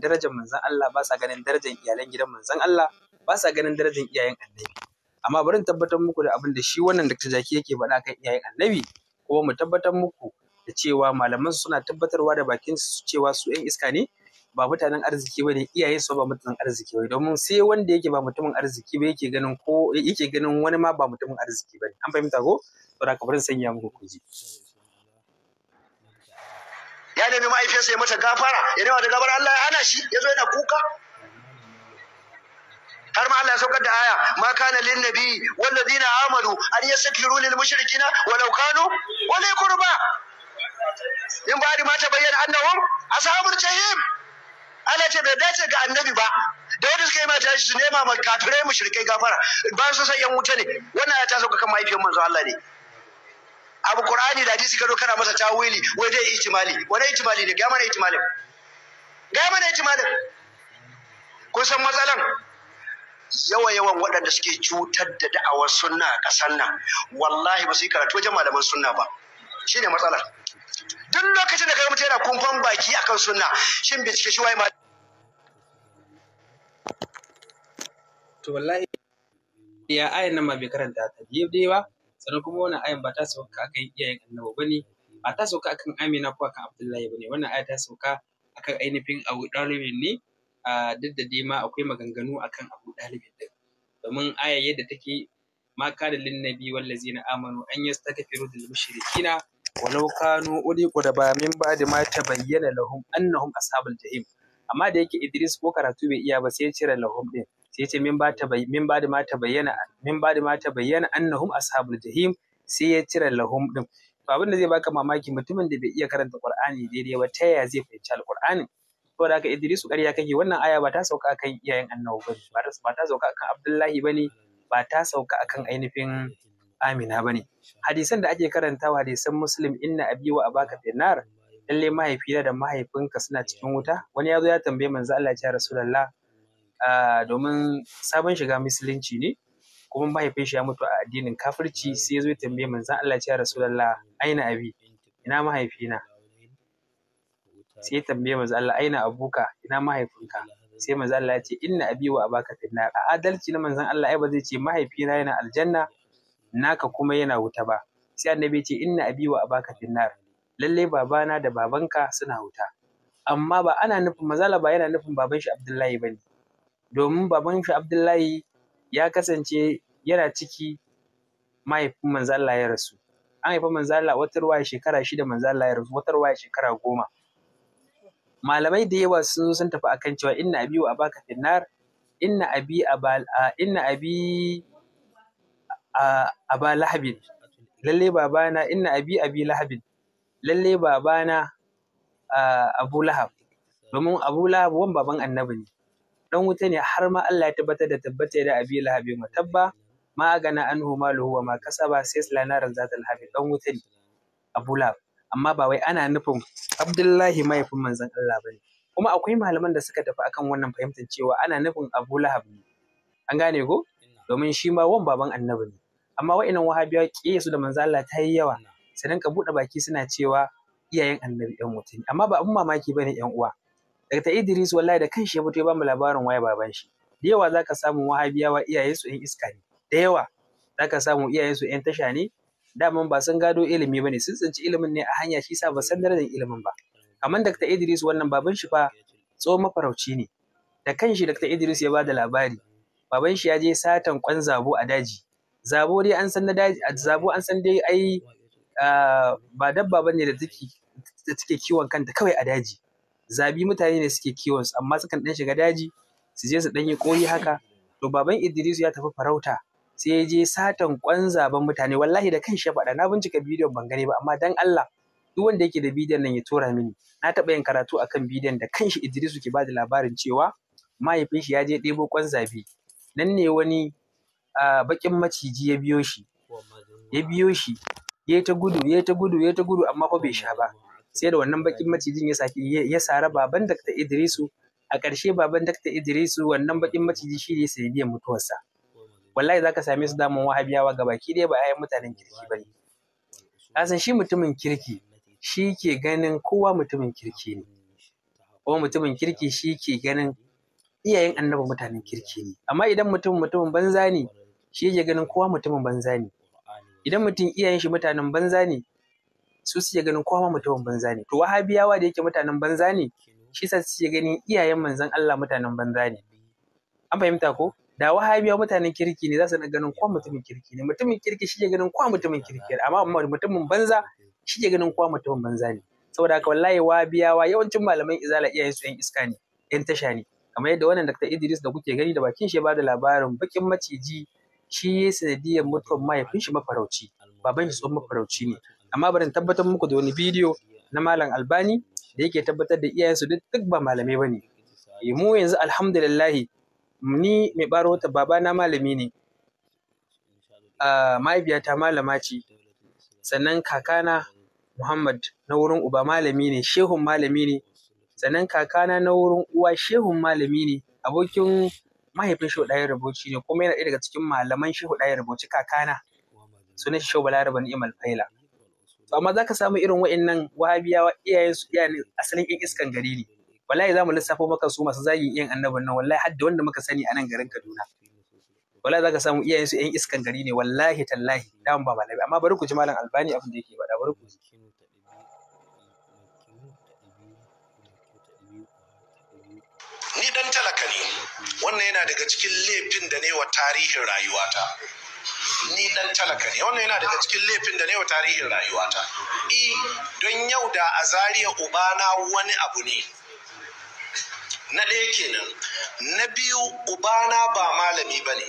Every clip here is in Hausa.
darajar manzon Allah ba sa ganin darajar iyalan gidan manzon Allah ba sa ganin darajar iyayen annabi amma bari in tabbatar muku da abin da shi wannan Dr. Jaki yake faɗa kan iyayen annabi kuma mu tabbatar muku da cewa malaman suna tabbatarwa da bakin su cewa su 'yan iska ne ba mutanen arziki ba ne iyaye su ba mutanen arziki ba domin sai wanda yake ba mutumin arziki ba yake ganin ko yake ganin wani ma ba mutumin arziki ba ne an fahimta ko to da kabarin sanya muku kuji ya nemi mahaifiyarsa ya mata gafara ya nema da gafara Allah ya hana shi ya zo yana kuka har ma Allah ya saukar da aya ma kana lin nabi wal ladina amanu an yastaghfiru lil mushrikina walau kanu wala qurba in ba ma ta bayyana annahum ashabul jahim Allah ce bai dace ga annabi ba da wanda suka yi mata shi su nema ma kafirai mushrikai gafara ba su san yan wuta ne wannan ya ta sauka kan mahaifiyar manzo Allah ne abu qur'ani da hadisi gado kana masa tawili wai dai ihtimali wani ihtimali ne ga mana ihtimalin ga mana ihtimalin kun san matsalan yawa-yawan waɗanda suke cutar da da'awar sunna a ƙasar nan wallahi ba su yi karatu wajen malaman sunna ba shine matsala matsalar duk lokacin da kai mutum yana kumfan baki akan sunna shin bincike shi ma. to wallahi ya ayin nan ma bai karanta ta dai ba sannan kuma wannan ayan ba ta sauka akan iyayen annabi ne ba ta sauka akan amina ko akan abdullahi ba ne. wannan aya ta sauka kan ainihin abu dalibin ne a duk da dai ma akwai maganganu akan abu dalibin din domin aya yadda take ma kana lin nabi na amanu an yastaghfiru lil mushrikina walau kanu uli qurba min ba'di ma tabayyana lahum annahum ashabul jahim amma da yake Idris ko karatu bai iya ba sai ya cire lahum din sai ce min ba da ma ta bayyana min ba da ma bayyana annahum ashabul jahim sai ya cire lahum din to abin da zai baka mamaki mutumin da bai iya karanta qur'ani daidai ba ta yaya zai fahimci alqur'ani saboda haka Idrisu ƙarya kake wannan aya ba ta sauka akan iyayen annabawa ba ba ta sauka akan Abdullahi bane ba ta sauka akan ainihin Amina bane hadisan da ake karanta wa hadisan Muslim inna abi wa abaka finnar lalle mahaifina da mahaifinka suna cikin wuta wani ya zo ya tambaye manzo Allah ya ce Rasulullah domin sabon shiga musulunci ne kuma mahaifin shi ya mutu a addinin kafirci sai ya zo tambaye mun manzon Allah ya Rasulullah aina abi ina mahaifina sai ya tambaye manzon Allah aina abuka ina mahaifinka sai manzon Allah ya ce inna abi wa abaka fil nar adalci na manzon Allah ai ba zai ce mahaifina yana aljanna naka kuma yana wuta ba sai annabi ya ce inna abi wa abaka nar lalle babana da babanka suna wuta amma ba ana nufin Mazalaba ba yana nufin baban shi Abdullahi bane domin baban shi Abdullahi ya kasance yana ciki mahaifin manzo Allah ya rasu an haifa manzo Allah wata ruwaya shekara shida manzo Allah ya rasu wata ruwaya shekara goma malamai da yawa sun zo sun tafi akan cewa inna abi wa abaka finnar inna abi abal inna abi aba lahabin lalle babana inna abi abi lahabin lalle babana abu lahab domin abu lahab wan baban annabi ne dan wuta ne har ma Allah ya tabbatar da tabbata da abi lahabi tabba ma agana huma maluhu wa ma kasaba sai silanaran zatal habi dan wuta ne abu lahab amma ba wai ana nufin abdullahi mahaifin manzon Allah bane kuma akwai malaman da suka tafi akan wannan fahimtar cewa ana nufin abu lahab ne an gane ko domin shi ma wan baban annabi ne amma wa'inan wahabiya kiyaye su da manzon Allah ta yi yawa sai dan ka buɗe baki suna cewa iyayen annabi ɗan mutum amma ba abun mamaki bane 'yan uwa Dr. Idris wallahi da kanshi ya fito ya bamu labarin waya baban shi. Da yawa za ka samu wahabiyawa iyaye su yan iska ne. Da yawa za ka samu iyaye su yan tasha ne. Daman ba sun gado ilimi bane sun tsinci ilimin ne a hanya shi sa ba san darajar ilimin ba. Amma Dr. Idris wannan baban shi fa tsohon mafarauci ne. Da kanshi Dr. Idris ya bada labari. Baban shi ya je satan kwan zabo a daji. Zabo dai an san na daji zabo an san dai ai ah, ba dabba bane da take da take kiwon kanta kawai a daji. zabi mutane ne suke kiwon su amma sukan dan shiga daji su je su ɗan yi ƙoyi haka to baban Idris ya tafi farauta sai ya je satan kwan zaben mutane wallahi da kan faɗa na bincika bidiyon ban gane ba amma dan Allah duk wanda yake da bidiyon nan ya tura mini na taɓa yin karatu akan bidiyon da kan shi Idris ke bada labarin cewa mahaifin shi ya je ɗebo kwan zabi. nan ne wani baƙin maciji ya biyo shi ya biyo shi ya ta gudu ya ta gudu ya ta gudu amma fa bai sha ba sai da wannan bakin macijin ya saki ya sara baban Dr. Idrisu a ƙarshe baban Dr. Idrisu wannan bakin maciji shi ne sai biyan mutuwarsa wallahi zaka same su damun wahabiyawa gabaki ɗaya ba ayan mutanen kirki bane kasan shi mutumin kirki shi ke ganin kowa mutumin kirki ne kuma mutumin kirki shi ke ganin iyayen annabi mutanen kirki ne amma idan mutum mutumin banza ne shi yake ganin kowa mutumin banza ne idan mutum iyayen shi mutanen banza ne su suke ganin kowa mutumin banza ne to wahabiyawa da yake mutanen banza ne shi sa suke ganin iyayen manzon Allah mutanen banza ne an fahimta ko da wahabiyawa mutanen kirki ne za su ganin kowa mutumin kirki ne mutumin kirki shi ke ganin kowa mutumin kirki amma mutumin banza shi ke ganin kowa mutumin banza ne saboda haka wallahi wahabiyawa yawancin malaman izala iyayen su yan iska ne yan tasha ne kamar yadda wannan Dr. Idris da kuke gani da bakin shi ya da labarin bakin maciji shi ya sanadiyar mutuwar mahaifin shi mafarauci baban shi tsohon mafarauci ne amma bari tabbatar muku da wani bidiyo na malam albani da yake tabbatar da iyayensu duk ba malamai bane eh, mu yanzu alhamdulillahi ni mai baro baba babana malami ne ah, mahaifiyata malama ce sannan kakana muhammad na wurin uba malami ne shehun malami ne sannan kakana na wurin uwa shehun malami ne abokin mahaifin shehu ɗaya rubuci ne kuma yana ɗaya daga cikin malaman shehu ɗaya rubuci kakana sunan shi shehu balarabe ni'im alfaila to amma ka samu irin wa'annan wahabiyawa iyayen su iyayen asalin yan iskan gari ne wallahi mu lissafo maka su masu zagin iyan annabin nan wallahi har da wanda muka sani a nan garin Kaduna wallahi ka samu iyayen su yan iskan gari ne wallahi tallahi dan ba malami amma bari ku ji malam Albani abin da yake faɗa bari ku ji ni dan talaka ne wannan yana daga cikin laifin da ne wa tarihin rayuwata ni dan talaka ne wannan yana daga cikin laifin da ne wa tarihin rayuwata i e, don yau da a zariya ubana wani abu ne na ɗaya kenan na biyu ubana ba malami ba ne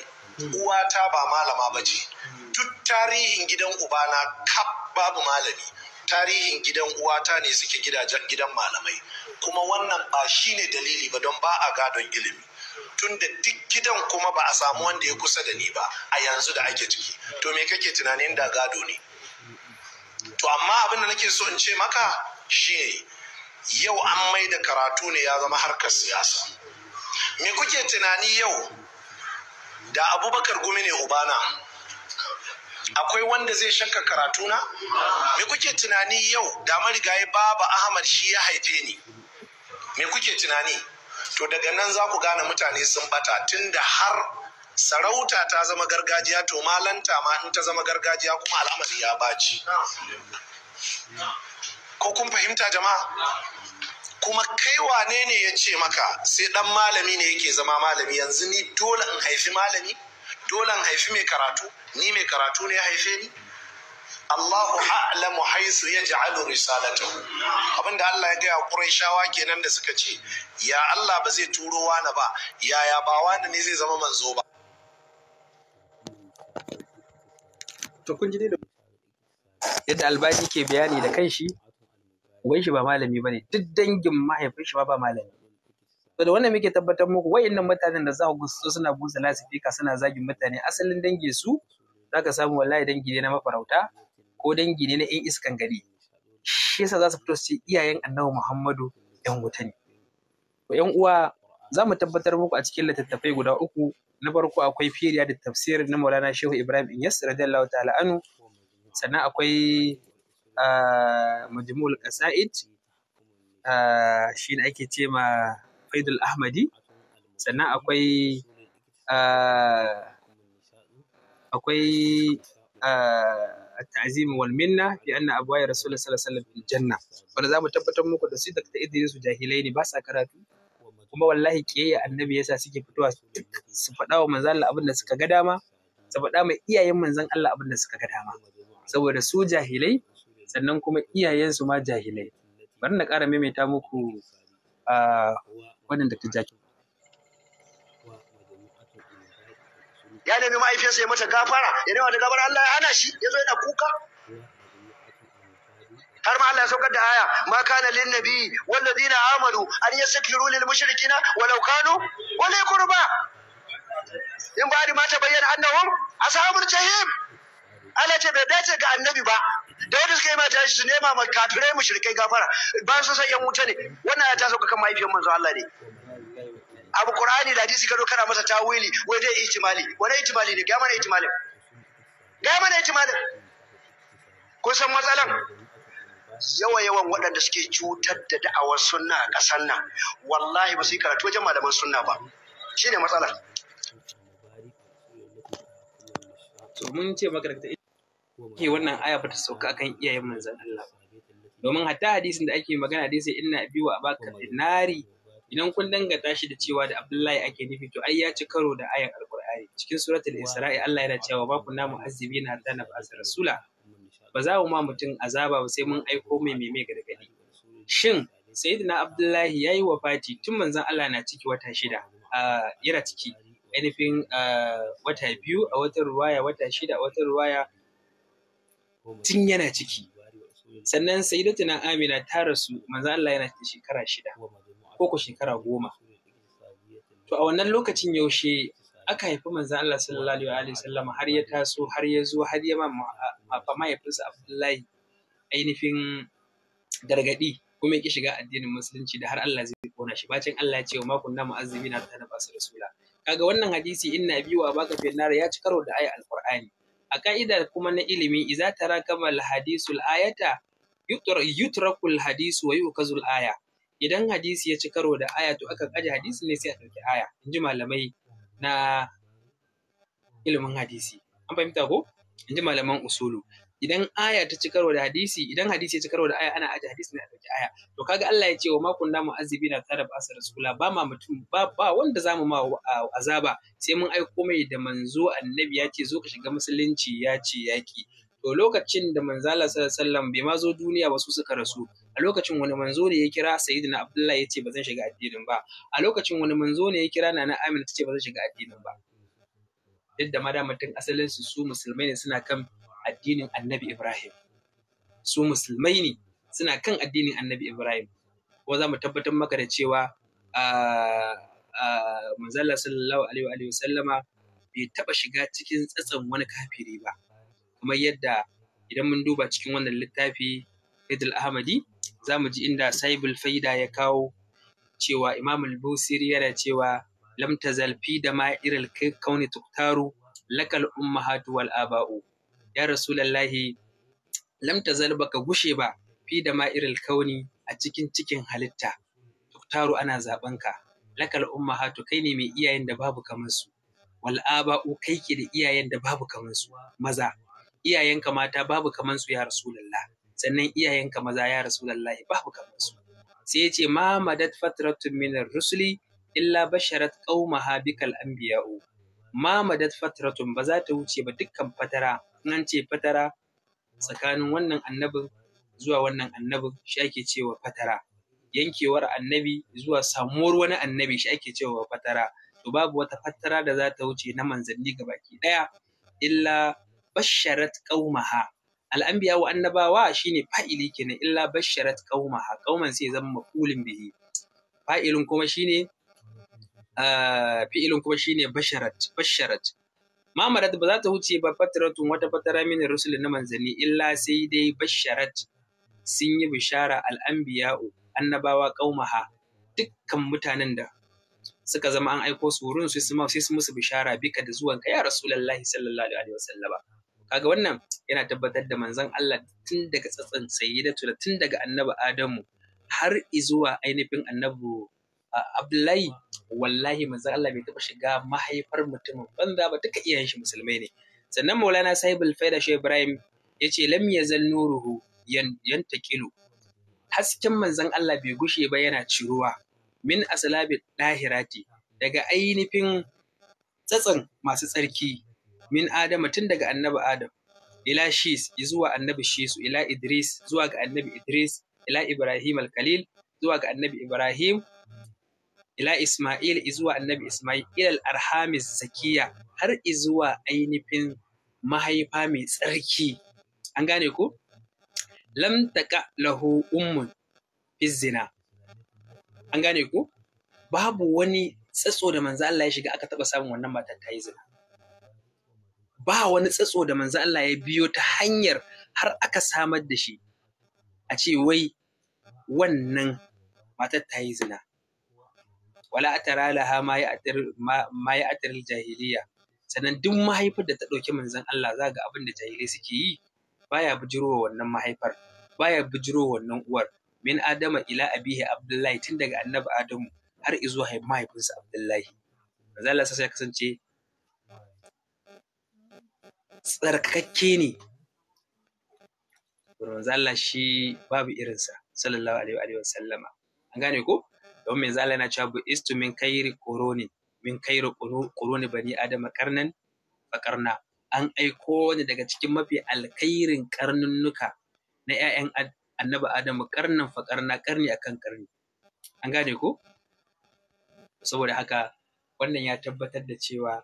uwata ba malama ba ce duk tarihin gidan ubana kap babu malami tarihin gidan uwata ne suke gidan malamai kuma wannan ba shine dalili ba don ba a gadon ilimi Tun da duk gidan kuma ba a samu wanda ya kusa da ni ba a yanzu da ake ciki to me kake tunanin da gado ne to amma abin da nake so in ce maka shi yau an mai da karatu ne ya zama harkar siyasa me kuke tunani yau da abubakar gumi ne ubana akwai wanda zai shakka karatuna me kuke tunani yau da marigayi baba ahmad shi ya haife ni me kuke tunani to daga nan za ku gane mutane sun bata tunda har sarauta ta zama gargajiya to malanta ma in ta zama gargajiya kuma al'amari ya baci ko kun fahimta jama'a kuma kai wane ne ya ce maka sai dan malami ne yake zama malami yanzu ni dole in haifi malami dole in haifi mai karatu ni mai karatu ne ya haife ni Allahu a'lamu haisu ya ji ja'alu abin da Allah ya gaya shawa kenan da suka ce ya Allah ba zai turo wani ba yaya ba wani ne zai zama manzo ba to kun ji yadda albani ke bayani da kanshi uban shi ba malami bane duk dangin mahaifin shi ba ba malami to da wannan muke tabbatar muku wayannan mutanen da za ku so suna busa lasifika suna zagin mutane asalin dangin su zaka samu wallahi dangi ne na mafarauta ko dangi ne na 'yan iskan gari shi yasa za su fito su iyayen annabi muhammadu 'yan wuta ne ko 'yan uwa za mu tabbatar muku a cikin littattafai guda uku na farko akwai firiya da tafsir na maulana shehu ibrahim yasir radiyallahu ta'ala anu sannan akwai majmu'ul qasa'id shi ne ake ce ma faidul ahmadi sannan akwai akwai at-ta'zim wal fi anna abwaya rasul sallallahu alaihi tabbatar muku da su da ta idin su jahilai ne ba sa karatu kuma wallahi kiyayya annabi yasa suke fitowa su faɗa wa manzon Allah abin da suka ga dama su faɗa mai iyayen manzon Allah abin da suka ga dama saboda su jahilai sannan kuma iyayensu ma jahilai bari na ƙara maimaita muku wannan da ta jaki ya nemi mahaifiyarsa ya mata gafara ya nema ta gafara Allah ya hana shi ya zo yana kuka har ma Allah ya saukar da aya ma kana lin nabi wal ladina amanu an yastaghfiru lil mushrikina walau kanu wala qurba in ba ma ta bayyana annahum ashabul jahim Allah ce bai dace ga annabi ba da wanda suka yi mata shi su nema ma kafirai mushrikai gafara ba su san yan wuta ne wannan ya ta sauka kan mahaifiyar manzo Allah ne abu qur'ani da hadisi ka kana masa tawili wai dai ihtimali wani itimali ne ga mana ihtimalin ga mana ihtimalin kun san matsalan yawa-yawan waɗanda suke cutar da da'awar sunna a ƙasar nan wallahi ba su yi karatu wajen malaman sunna ba shi ne matsalar mun ce maka da ke wannan aya ba ta sauka akan iyayen manzan Allah domin hatta hadisin da ake magana dai sai inna biwa baka dinari idan kun dangata shi da cewa da Abdullahi ake nufi to ai ya ci karo da ayar Alkur'ani cikin suratul Isra'i Allah yana cewa ba ku kunna mu'azzibina hatta nab'asa rasula ba za mu ma mutum azaba ba sai mun aiko mai meme gargadi shin sayyidina Abdullahi yayi wafati tun manzon Allah na ciki wata shida a yara ciki ainihin wata biyu a wata ruwaya wata shida a wata ruwaya tun yana ciki sannan sayyidatuna Amina ta rasu manzon Allah yana ciki shekara shida ko ku shekara goma. To a wannan lokacin yaushe aka haifi manzan Allah sallallahu alaihi Sallama har ya taso har ya zo har ya ma mahaifinsa Abdullahi ainihin gargaɗi kuma ƙi shiga addinin musulunci da har Allah zai kona shi bacin Allah ya ce wa azumi na ta na basu rasula kaga wannan hadisi na biyu a baka fi ya ci karo da ayi alqur'ani a ka'ida kuma na ilimi iza tara kamar hadisul ayata yutrakul hadisu wa yukazul aya idan hadisi ya ci karo da aya to aka aje hadisi ne sai a ɗauki aya in ji malamai na ilimin hadisi an fahimta ko in ji malaman usulu idan aya ta ci karo da hadisi idan hadisi ya ci karo da aya ana aje hadisi ne a ɗauki aya to kaga Allah ya ce wa makun namu azibi na tsara ba asar rasula ba ma mutum ba ba wanda zamu ma azaba sai mun aiko mai da manzo annabi ya ce zo ka shiga musulunci ya ce yaki to lokacin da manzala sallallahu bai ma zo duniya ba su suka rasu a lokacin wani manzo ne ya kira sayyidina abdullahi ya ce ba zan shiga addinin ba a lokacin wani manzo ne ya kira nana amina ta ce ba zan shiga addinin ba duk da madamantin asalin su su musulmai ne suna kan addinin annabi ibrahim su musulmai ne suna kan addinin annabi ibrahim ko za mu tabbatar maka da cewa manzala sallallahu alaihi wa sallama bai taba shiga cikin tsatsan wani kafiri ba kamar yadda idan mun duba cikin wannan littafi idil Ahmadi za mu ji inda Saibul Faida ya kawo cewa Imam Al-Busiri yana cewa lam tazalfi fi da ma'iril kauni tuktaru lakal ummahatu wal aba'u ya rasulullahi lam tazal baka gushe ba fi da ma'iril kauni a cikin cikin halitta tuktaru ana zaben ka lakal ummahatu kai ne mai iyayen da babu kamar su wal aba'u kai ke da iyayen da babu kamar su maza iyayenka mata babu kaman su ya rasulullah sannan iyayenka maza ya rasulullah babu kaman su sai ya ce ma madat fatratun min rusuli illa basharat qaumaha bikal anbiya'u ma madat fatratun ba za ta wuce ba dukkan fatara nan ce fatara tsakanin wannan annabin zuwa wannan annabin shi ake cewa fatara yankewar annabi zuwa samuwar wani annabi shi ake cewa fatara to babu wata fatara da za ta wuce na manzanni gabaki daya illa basharat qaumaha al'anbiya wa annabawa shine fa'ili kenan illa basharat qaumaha qauman sai zama maf'ulin bihi fa'ilun kuma shine ah, fi'ilun kuma shine basharat basharat ma marat ba za ta huce ba fatratun wata fatara min rusul na manzanni illa sai dai basharat sun yi bishara al'anbiya'u annabawa qaumaha dukkan mutanen da suka zama an aiko su wurin su sai su musu bishara bika da zuwan ka ya rasulullahi sallallahu alaihi wasallama kaga wannan yana tabbatar da manzon Allah tun daga tsatsan sayyidatu da tun daga annabi Adamu har izuwa ainihin annabi Abdullahi wallahi manzon Allah bai taba shiga mahaifar mutumin banza ba duka iyayen shi musulmai ne sannan Maulana Sahibul Faida Shehu Ibrahim yace lam yazal nuruhu yantakilu hasken manzon Allah bai gushe ba yana ciruwa min aslabi dahirati daga ainihin tsatsan masu tsarki min adama tun daga annabi adam ila shis zuwa annabi shisu ila idris zuwa ga annabi idris ila ibrahim al-khalil zuwa ga annabi ibrahim ila Ismail zuwa annabi Ismail ilal arhamis zakiya har zuwa ainihin mahaifa mai tsarki an gane ku. lam taqa lahu ummun izina. an gane ku. babu wani tsatso da manzo Allah ya shiga aka taba samun wannan matan ta yi zina ba wani tsatso da manzo Allah ya biyo ta hanyar har aka samar da shi a ce wai wannan matar ta yi zina wala atara laha ma ya atar jahiliya sannan duk mahaifar da ta ɗauki manzon Allah za ga abin da jahilai suke yi baya bijirowa wannan mahaifar baya bijirowa wannan uwar min adama ila abihi abdullahi tun daga annabi adamu har izuwa mahaifinsa abdullahi manzon Allah sai ya kasance tsarkakke ne manzo Allah shi babu irinsa sallallahu alaihi wa sallama an gane ko don manzo Allah yana cewa bu istu min kairi koroni min kairi koroni bani adama karnan fakarna an aiko ni daga cikin mafi alkairin karnunnuka na ƴaƴan annabi adamu karnan fakarna karni akan karni an gane ko saboda haka wannan ya tabbatar da cewa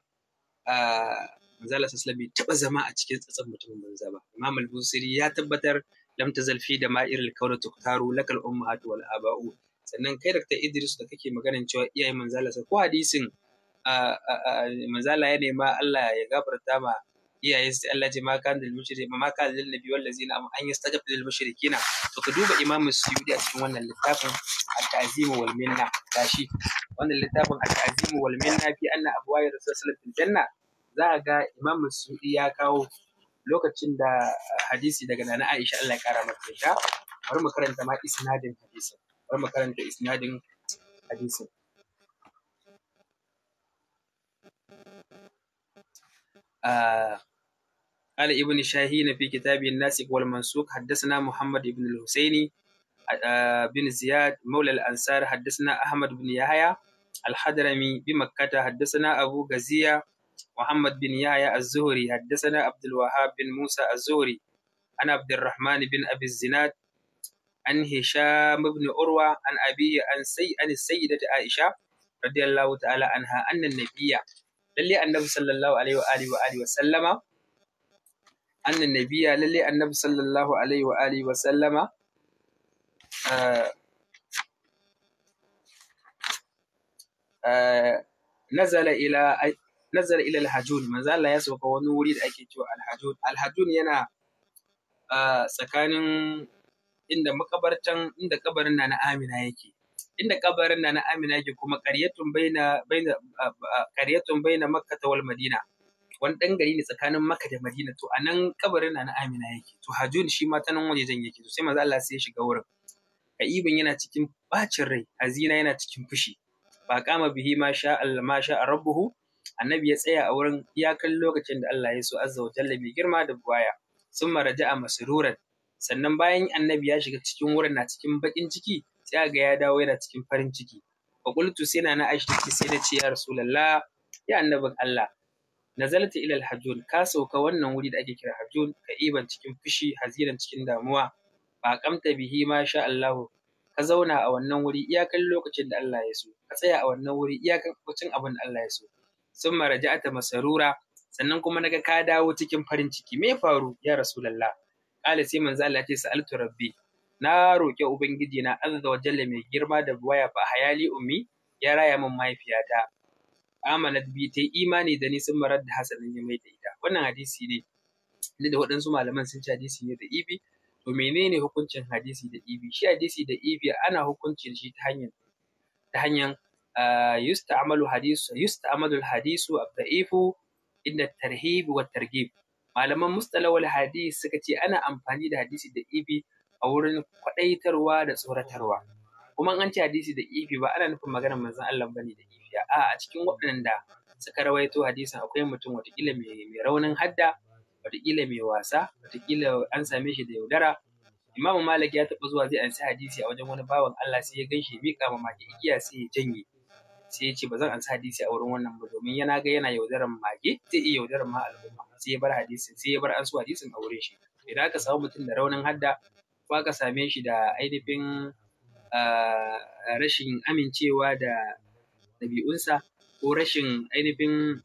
ah, manzala sassan bai taba zama a cikin tsatsan mutumin banza ba imam al-busiri ya tabbatar lam tazalfi da al kauna tuktaru lakal ummahat wal aba'u sannan kai da Idris da kake maganin cewa iyaye manzala ko hadisin manzala ya nema Allah ya gafarta ma iyayen sai Allah ji maka dal mushri ma maka da nabi ladina am an yastajab lil mushrikina to ka duba imam suyudi a cikin wannan littafin at-ta'zim wal minna gashi wannan littafin at-ta'zim wal minna fi anna abwa'i rasulullahi sallallahu alaihi wasallam janna za a ga Imam masudi ya kawo lokacin da eh, hadisi daga Nana Aisha Allah ya kara mata yarda bari mu karanta ma isnadin hadisi? bari mu karanta isnadin hadisin قال ابن شاهين في كتاب الناسك والمنسوق حدثنا محمد بن الحسيني بن زياد مولى الأنصار حدثنا أحمد بن يحيى الحضرمي بمكة حدثنا أبو غزية محمد بن يحيى الزهري حدثنا عبد الوهاب بن موسى الزهري عن عبد الرحمن بن أبي الزناد عن هشام بن عروة عن أبي عن, سي... عن السيدة عائشة رضي الله تعالى عنها أن النبي للي النبي صلى الله عليه وآله وآله وسلم أن النبي للي النبي صلى الله عليه وآله وسلم آه آه نزل إلى nazar ila alhajun manzo Allah ya sauka wani wuri da ake cewa alhajun alhajun yana ah, tsakanin inda makabartan inda kabarin na na Amina yake inda kabarin na na Amina yake kuma qaryatun baina baina ah, ah, qaryatun baina Makka wal Madina wani dan gari ne tsakanin Makka da Madina to anan kabarin na na Amina yake to hajun shi ma ta nan wajejen yake to sai manzo Allah sai ya shiga wurin ka'ibin yana cikin bacin rai hazina yana cikin fushi ba kama bihi ma sha Allah ma sha rabbuhu annabi ya tsaya a wurin iyakan lokacin da Allah ya so azza wa jalla mai girma da buwaya sun maraja a masruran sannan bayan annabi ya shiga cikin wurin na cikin bakin ciki sai aga ya dawo yana cikin farin ciki wa qultu sai na Aisha take sai na ce ya rasulullah ya annabin Allah nazalta ila alhajun ka sauka wannan wuri da ake kira hajun ka iban cikin fushi haziran cikin damuwa ba kamta bihi ma sha Allah ka zauna a wannan wuri iyakan lokacin da Allah ya so ka tsaya a wannan wuri iyakan lokacin abin da Allah ya so sun ata masarura sannan kuma naga ka dawo cikin farin ciki me faru ya rasulullah qala sai manzo Allah ce sa'altu rabbi na roƙi ubangiji na azza wa jalla mai girma da waya fa hayali ummi ya raya min mahaifiyata amanat bi ta imani da ni sun marar da hasanin ya mai da ita wannan hadisi ne da waɗansu malaman sun ci hadisi ne da ibi to menene hukuncin hadisi da ibi shi hadisi da ibi ana hukuncin shi ta hanyar ta hanyar yusta'malu hadisu hadisu ad-da'ifu inda tarhib wa targhib malaman mustalawal hadis suka ce ana amfani da hadisi da ibi a wurin kwadaitarwa da tsoratarwa kuma an ce hadisi da ibi ba ana nufin magana manzon Allah bane da ibi a a cikin waɗanda suka rawaito hadisin akwai mutum watakila mai raunin hadda watakila mai wasa watakila an same shi da yaudara Imam Malik ya taɓa zuwa zai ansa hadisi a wajen wani bawan Allah sai ya ganshi mika miƙa mamaki igiya sai ya janye sai ya ce ba zan ansa hadisi a wurin wannan ba domin yana ga yana yaudaran mage zai iya yaudaran ma al'umma sai ya bar hadisin sai ya bar an su hadisin a wurin shi idan aka samu mutum da raunin hadda ko aka same shi da ainihin ah, rashin amincewa da ɗabi'unsa ko rashin ainihin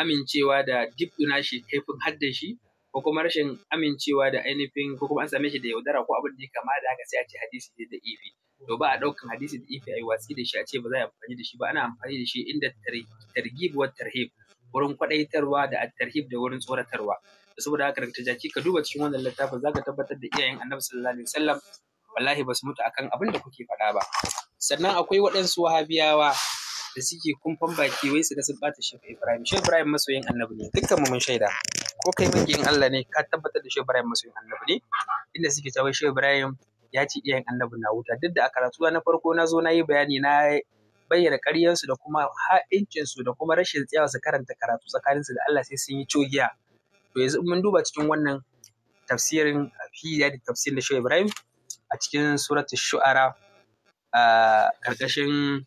amincewa da dibduna shi kaifin haddan shi ko kuma rashin amincewa da ainihin ko kuma an same shi da yaudara ko abin da ya kama da haka sai a ce hadisi da ifi to ba a ɗaukan hadisi da ifi yi watsi da shi a ce ba za a amfani da shi ba ana amfani da shi inda targhib wa tarhib wurin kwadaitarwa da at-tarhib da wurin tsoratarwa saboda haka daga jaki ka duba cikin wannan littafin zaka tabbatar da iyayen Annabi sallallahu alaihi wasallam wallahi ba su mutu akan abin da kuke faɗa ba sannan akwai waɗansu wahabiyawa da suke kumfan baki wai su ga sun bata shi Ibrahim. Shi Ibrahim masoyin annabi ne dukkan mu mun shaida ko kai magiyin Allah ne ka tabbatar da shi Ibrahim masoyin annabi ne inda suke cewa shi Ibrahim ya ce iyayen annabi na wuta duk da a karatuwa na farko na zo na yi bayani na bayyana ƙaryansu da kuma ha'incinsu da kuma rashin tsayawa su karanta karatu tsakaninsu da Allah sai sun yi cogiya to yanzu mun duba cikin wannan tafsirin fiya da tafsirin da Ibrahim a cikin suratu shu'ara a karkashin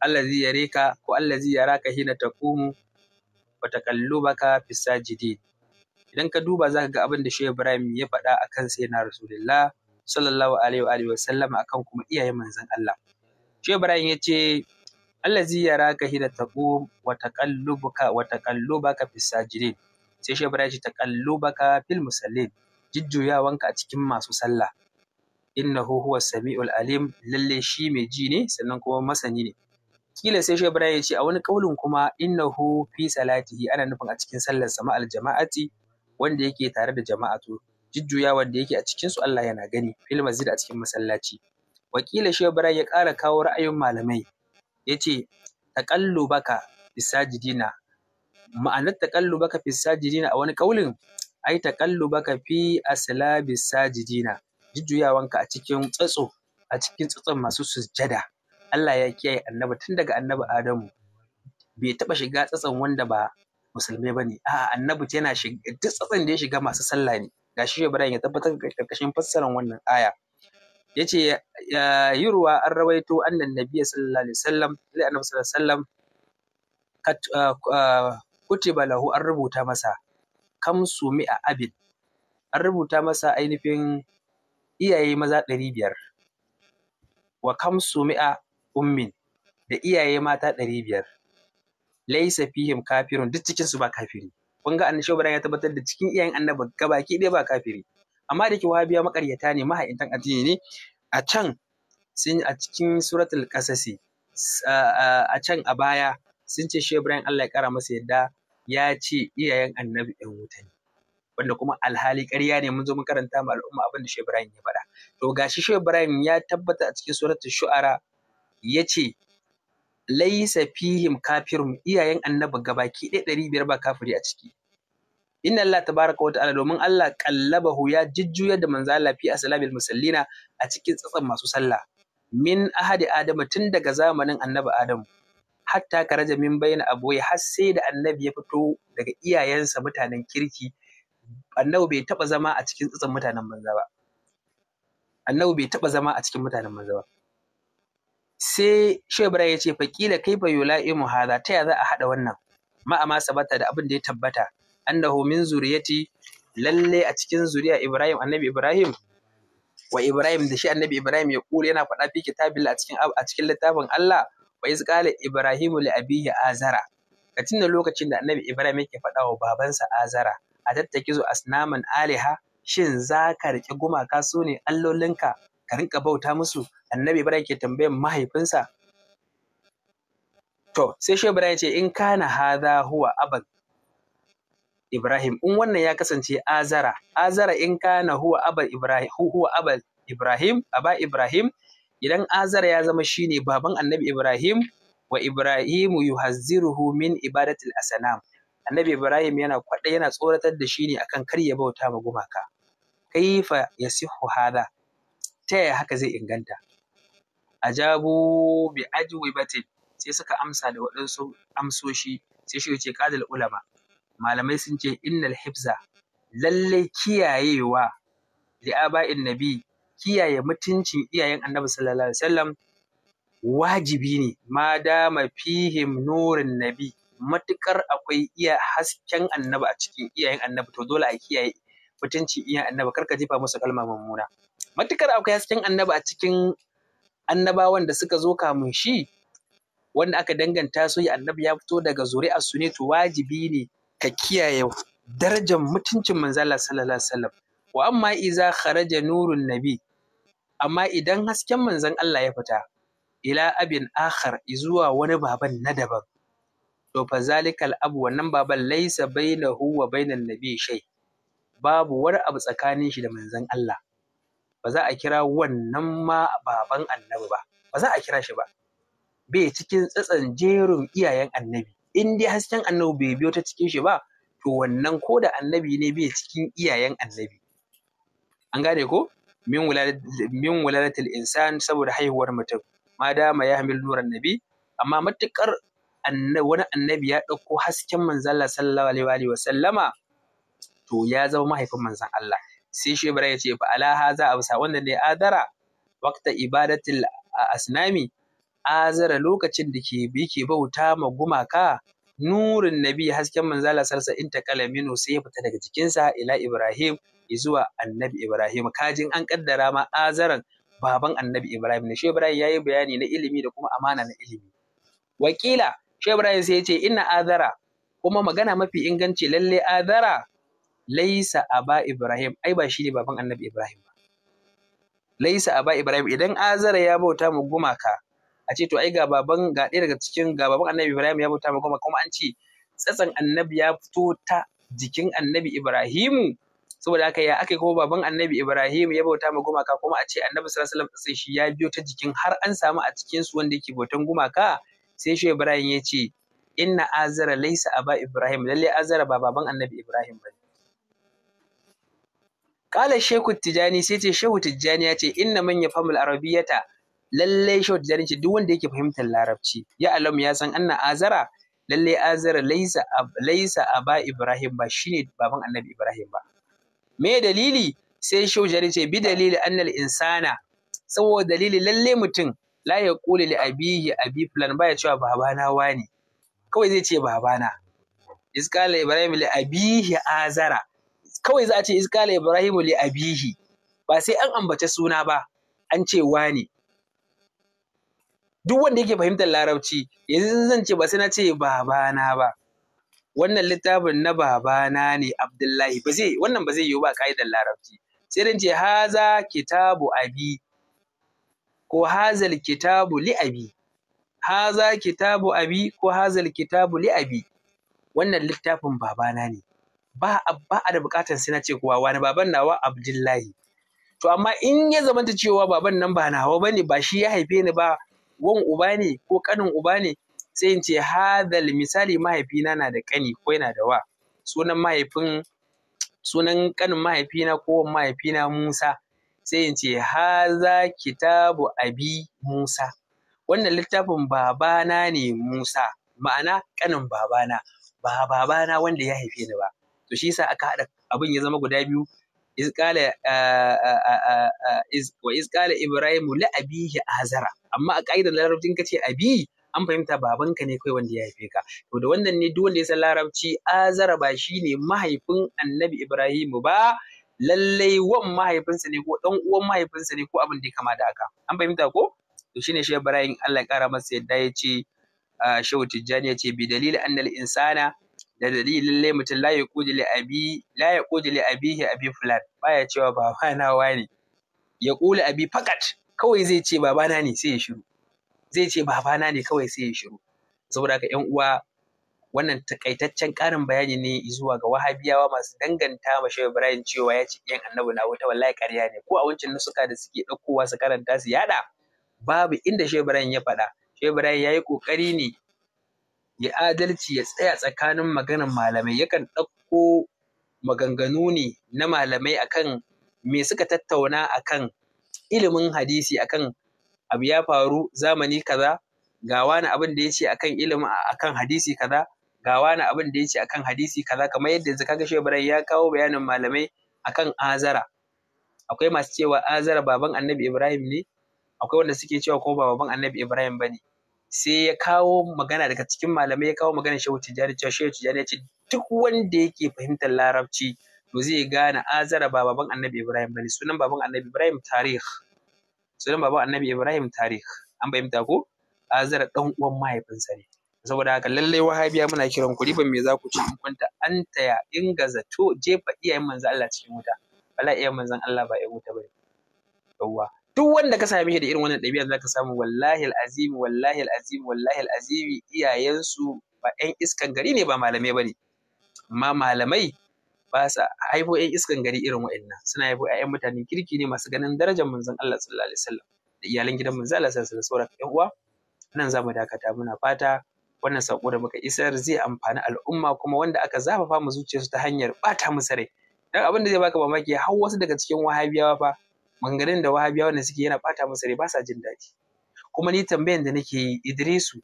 Allah zai yare ko Allah zai yara ka hina taqumu wa takallubaka fis sajidin idan ka duba za ka ga abin da shehu ibrahim ya faɗa a kan sayyidina rasulullah sallallahu alaihi wa sallam akan kuma iyaye manzon Allah shehu ibrahim ya ce yara ka hida taqu wa taqallubuka wa taqallubaka fis sajidin sai shehu ibrahim ya ce taqallubaka fil musallin jujjuyawanka a cikin masu sallah innahu huwa sami'ul alim lalle shi mai ji ne sannan kuma masani ne kila sai shehu ibrahim ya ce a wani kaulin kuma innahu fi salatihi ana nufin a cikin sallar sama al jama'ati wanda yake tare da jama'a to jujjuya wanda yake a cikin Allah yana gani fil masjid a cikin masallaci wakila shehu bara ya ƙara kawo ra'ayin malamai yace taqallubaka sajidina ma'anar taqallubaka sajidina a wani kaulin ai taqallubaka fi aslabi sajidina jujjuyawanka a cikin tsatso a cikin tsatson masu sujjada Allah ya kiyaye annabi tun daga annabi Adamu bai taba shiga tsatson wanda ba musulmai ba ne a annabi yana shiga duk tsatsan da ya shiga masu sallah ne ga shi ibrahim ya tabbatar da karkashin fassarar wannan aya ya ce yurwa an rawaito annan nabi sallallahu alaihi wasallam lai annabi sallallahu alaihi wasallam ah, ah, kutiba lahu an rubuta masa kam mi a abin an rubuta masa ainihin iyaye maza ɗari biyar wa kam mi a ummin da iyaye mata ɗari biyar laisa fihim kafirun duk cikin su ba kafiri kun ga annabi ya tabbatar da cikin iyayen annabi gabaki ɗaya ba kafiri amma da ke wahabiya makaryata ne mahaitan addini ne a can sun a cikin suratul qasasi a can a baya sun ce shi Ibrahim Allah ya kara masa yadda ya ce iyayen annabi ɗan wuta ne wanda kuma alhali ƙarya ne mun zo mun karanta ma al'umma abin da shi Ibrahim ya faɗa to gashi shi Ibrahim ya tabbata a cikin suratul shu'ara ya ce laisa fihim kafirun iyayen annabi gabaki ɗaya ɗari biyar ba kafiri a ciki inna Allah tabaraka wa ta'ala domin Allah qallabahu ya jujjuyar da manzo Allah fi aslamil musallina a cikin tsatsan masu sallah min ahadi Adamu tun daga zamanin annabi adamu hatta karaja min bayna aboye har sai da annabi ya fito daga iyayensa mutanen kirki annabi bai taba zama a cikin tsatsan mutanen manzo ba annabi bai taba zama a cikin mutanen manzo ba sai shebra ya ce fakila kai fa imu haza ta ya za a haɗa wannan ma'ama sabata da abin da ya tabbata annahu min zuriyati lalle a cikin zuriya Ibrahim annabi Ibrahim wa Ibrahim da shi annabi Ibrahim ya kula yana faɗa fi kitabil a cikin a cikin littafin Allah wa iz Ibrahimu li abihi azara ka tunda lokacin da annabi Ibrahim yake faɗa wa babansa azara a tattakizu asnaman aliha shin za ka riƙe gumaka su ne allolinka ka rinka bauta musu annabi ibrahim ke tambayan mahaifinsa to sai shehu ibrahim ce in kana hadha huwa aban ibrahim in wannan ya kasance azara azara in kana huwa ibrahim huwa aban ibrahim aba ibrahim idan azara ya zama shine baban annabi ibrahim wa ibrahimu yuhazziruhu min ibadatil asnam annabi ibrahim yana kwada yana tsoratar da shi ne akan kar ya bauta ma gumaka kaifa yasihu hada ta yaya haka zai inganta ajabu bi ajwibatin sai suka amsa da waɗansu amsoshi sai shi ce qadal ulama malamai sun ce innal hifza lalle kiyayewa li aba'in nabi kiyaye mutuncin iyayen annabi sallallahu alaihi wasallam wajibi ne ma dama fihim nurin nabi matukar akwai iya hasken annabi a cikin iyayen annabi to dole a kiyaye mutuncin iyayen annabi ka jefa musu kalma mummuna matukar akwai hasken annaba a cikin annabawan da suka zo kamun shi wanda aka danganta su annabi ya fito daga zuri'ar su ne to wajibi ne ka kiyaye darajar mutuncin manzala sallallahu alaihi wasallam wa amma iza kharaja nurun nabi amma idan hasken manzon Allah ya fita ila abin akhar zuwa wani baban na daban to fa zalikal abu wannan baban laisa bainahu wa bainan nabi shay babu wani abu tsakanin shi da manzon Allah ba za a kira wannan ma baban annabi ba ba za a kira shi ba bai cikin tsatsan jerin iyayen annabi in dai hasken annabi bai biyo ta cikin shi ba to wannan ko da annabi ne bai cikin iyayen annabi an gane ko min wulalatul insan saboda haihuwar mutum ma dama ya hamil nuran nabi amma matukar wani annabi ya ɗauko hasken manzon Allah sallallahu alaihi wa sallama to ya zama mahaifin manzon Allah sai shi bara ya ce fa ala haza absa wannan ne adara waqta ibadatil asnami azara lokacin da ke yake bauta ma gumaka nurin nabi hasken manzala sarsa inta minu sai ya fita daga jikinsa ila ibrahim zuwa annabi ibrahim kajin an kaddara ma azaran baban annabi ibrahim ne shi ya yayi bayani na ilimi da kuma amana na ilimi wakila shi sai ya ce inna azara kuma magana mafi inganci lalle azara laisa aba Ibrahim ai ba shi ne baban annabi Ibrahim ba. Laisa aba Ibrahim idan Azara ya bauta mu gumaka a ce to ai ga baban ga ɗaya daga cikin ga baban annabi Ibrahim ya bauta mu gumaka kuma an ce tsatsan annabi ya fito ta jikin annabi ibrahim saboda haka ya aka kuma baban annabi Ibrahim ya bauta ma gumaka kuma a ce annabi sallallahu alaihi wasallam shi ya biyo ta jikin har an samu a cikin su wanda yake bautan gumaka sai shi Ibrahim ya ce inna azara laysa aba Ibrahim lalle azara ba baban annabi Ibrahim ba Kala Shehu Tijani sai ce Shehu Tijani ya ce inna man famul arabiyata lalle shekut Tijani ce duk wanda yake fahimtar larabci ya alam ya san anna azara lalle azara laisa laisa aba Ibrahim ba shine baban Annabi Ibrahim ba me dalili sai shekut Tijani ce bi dalili annal insana saboda dalili lalle mutum la ya kule li abihi abi fulan baya cewa babana wani kawai zai ce babana iskala Ibrahim li abihi azara kawai za a ce iskala ibrahimu li abihi ba sai an ambace suna ba an ce wani duk wanda yake fahimtar larabci yanzu zan ce ba sai na ce babana ba wannan littafin na babana ne abdullahi ba zai wannan ba zai yiwu ba ka'idar larabci sai dan ce haza kitabu abi ko hazal kitabu li abi haza kitabu abi ko hazal kitabu li abi wannan littafin babana ne ba ba a da bukatar sai na ce kuwa, wani baban nawa Abdullahi to amma in ya zamanta cewa baban nan ba nawa bane ba shi ya haife ni ba wan uba ne ko kanin uba ne sai in ce hadal misali mahaifina na da kani ko yana da wa sunan mahaifin sunan kanin mahaifina ko mahaifina Musa sai in ce haza kitabu abi Musa wannan littafin babana ne Musa ma'ana kanin babana ba babana wanda ya haife ni ba to shi yasa aka haɗa abin ya zama guda biyu wa izkala ibrahimu la abihi azara amma a ka'idar larabcin ka ce abi an fahimta babanka ne kai wanda ya haife ka to da wannan ne duk wanda ya san larabci azara ba shine mahaifin annabi ibrahimu ba lallai wan mahaifinsa ne ko dan uwan mahaifinsa ne ko abin da ya kama da aka? an fahimta ko to shine shi ibrahim Allah ya kara masa yadda ya ce shehu tijjani ce bi dalil annal insana da dalilin lalle mutum la li abi la yaqudu abihi abi fulan baya cewa baba na wani ya kula abi fakat kawai zai ce baba na ne sai ya shiru zai ce baba na ne kawai sai ya shiru saboda ka 'yan uwa wannan takaitaccen ƙarin bayani ne zuwa ga wahabiyawa masu danganta ma shehu ibrahim cewa ya ci yan annabi na wuta wallahi ƙarya ne ko a wancan nasuka da suke ɗaukowa su karanta su yaɗa babu inda shehu ibrahim ya faɗa shehu ibrahim ya yi ƙoƙari ne ya adalci ya tsaya tsakanin maganar malamai yakan ɗauko maganganu ne na malamai akan me suka tattauna akan ilimin hadisi akan abu ya faru zamani kaza ga wani abin da ya ce akan ilimin akan hadisi kaza ga wani abin da ya ce akan hadisi kaza kamar yadda yanzu ga shehu ya kawo bayanin malamai akan azara akwai masu cewa azara baban annabi ibrahim ne akwai wanda suke cewa ko ba baban annabi ibrahim bane sai ya kawo magana daga cikin malamai ya kawo magana shehu tijjani cewa shehu tijjani ya ce duk wanda yake fahimtar larabci to zai gane azara ba baban annabi ibrahim bane sunan baban annabi ibrahim tarih sunan baban annabi ibrahim tarih an fahimta ko azara dan uwan mahaifinsa ne saboda haka lallai wahabiya muna kiran ku riban me za ku ci in an taya in gazato jefa iyayen manzo Allah cikin wuta wala iyayen manzon Allah ba ya wuta bane yawwa duk wanda ka same shi da irin wannan ɗabi'a zaka samu wallahi al'azimi wallahi al'azimi wallahi al'azimi iyayensu ba ƴan iskan gari ne ba malamai bane amma malamai ba sa haifo ƴan iskan gari irin wa'annan suna haifo ƴaƴan mutanen kirki ne masu ganin darajar manzon Allah sallallahu alaihi wasallam da iyalan gidan manzon Allah sallallahu alaihi wasallam ƴan uwa nan za mu dakata muna fata wannan sako da muka isar zai amfani al'umma kuma wanda aka zafafa mu zuciyarsu ta hanyar bata musu rai dan abin da zai baka mamaki har wasu daga cikin wahabiyawa fa bangaren da wahabiya wanda suke yana bata musu rai ba sa jin daɗi kuma ni tambayan da nake yi idrisu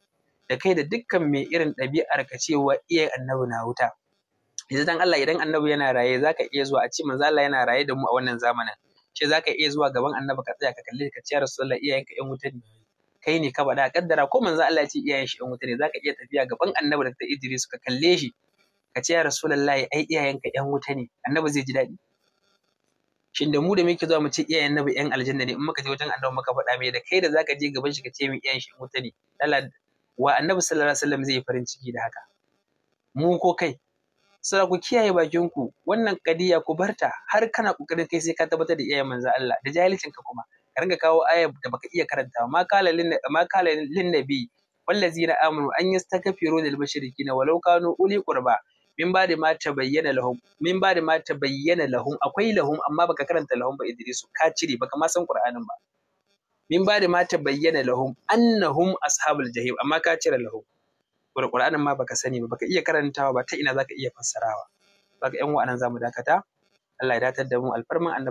da kai da dukkan mai irin ɗabi'ar ka cewa iya annabi na wuta yanzu dan Allah idan annabi yana raye zaka iya zuwa a ce manzo Allah yana raye da mu a wannan zamanin ce zaka iya zuwa gaban annabi ka tsaya ka kalle ka ce rasulullahi rasulullah iyayenka yan wuta ne kai ne ka bada kaddara ko manzo Allah ya ce iyayen shi yan wuta ne zaka iya tafiya gaban annabi da ta Idrisu ka kalle shi ka ce ya rasulullahi ai iyayenka yan wuta ne annabi zai ji daɗi shin da mu da muke zuwa mu ce iyayen nabi yan aljanna ne in muka je wajen annabi muka faɗa mai da kai da zaka je gaban shi ka ce min iyayen shi wuta ne lalla wa annabi sallallahu alaihi wasallam zai farin ciki da haka mu ko kai sai ku kiyaye bakin ku wannan kadiya ku barta har kana kokarin kai sai ka tabbatar da iyayen manzo Allah da jahilcin ka kuma ka ringa kawo ayab da baka iya karanta ma kala lin ma kala lin nabi wallazina amanu an yastaghfiru lil mushrikin walau kanu uli qurba min ba da ma tabayyana lahum min ba da ma lahum akwai lahum amma baka karanta lahum ba Idrisu ka cire baka ma san Qur'anin ba min ba da ma tabayyana lahum annahum ashabul jahim amma ka cire lahum Qur'anin ma baka sani ba baka iya karantawa ba ta ina zaka iya fassarawa baka yan wa'anan zamu dakata Allah ya datar da mu alfarman annabi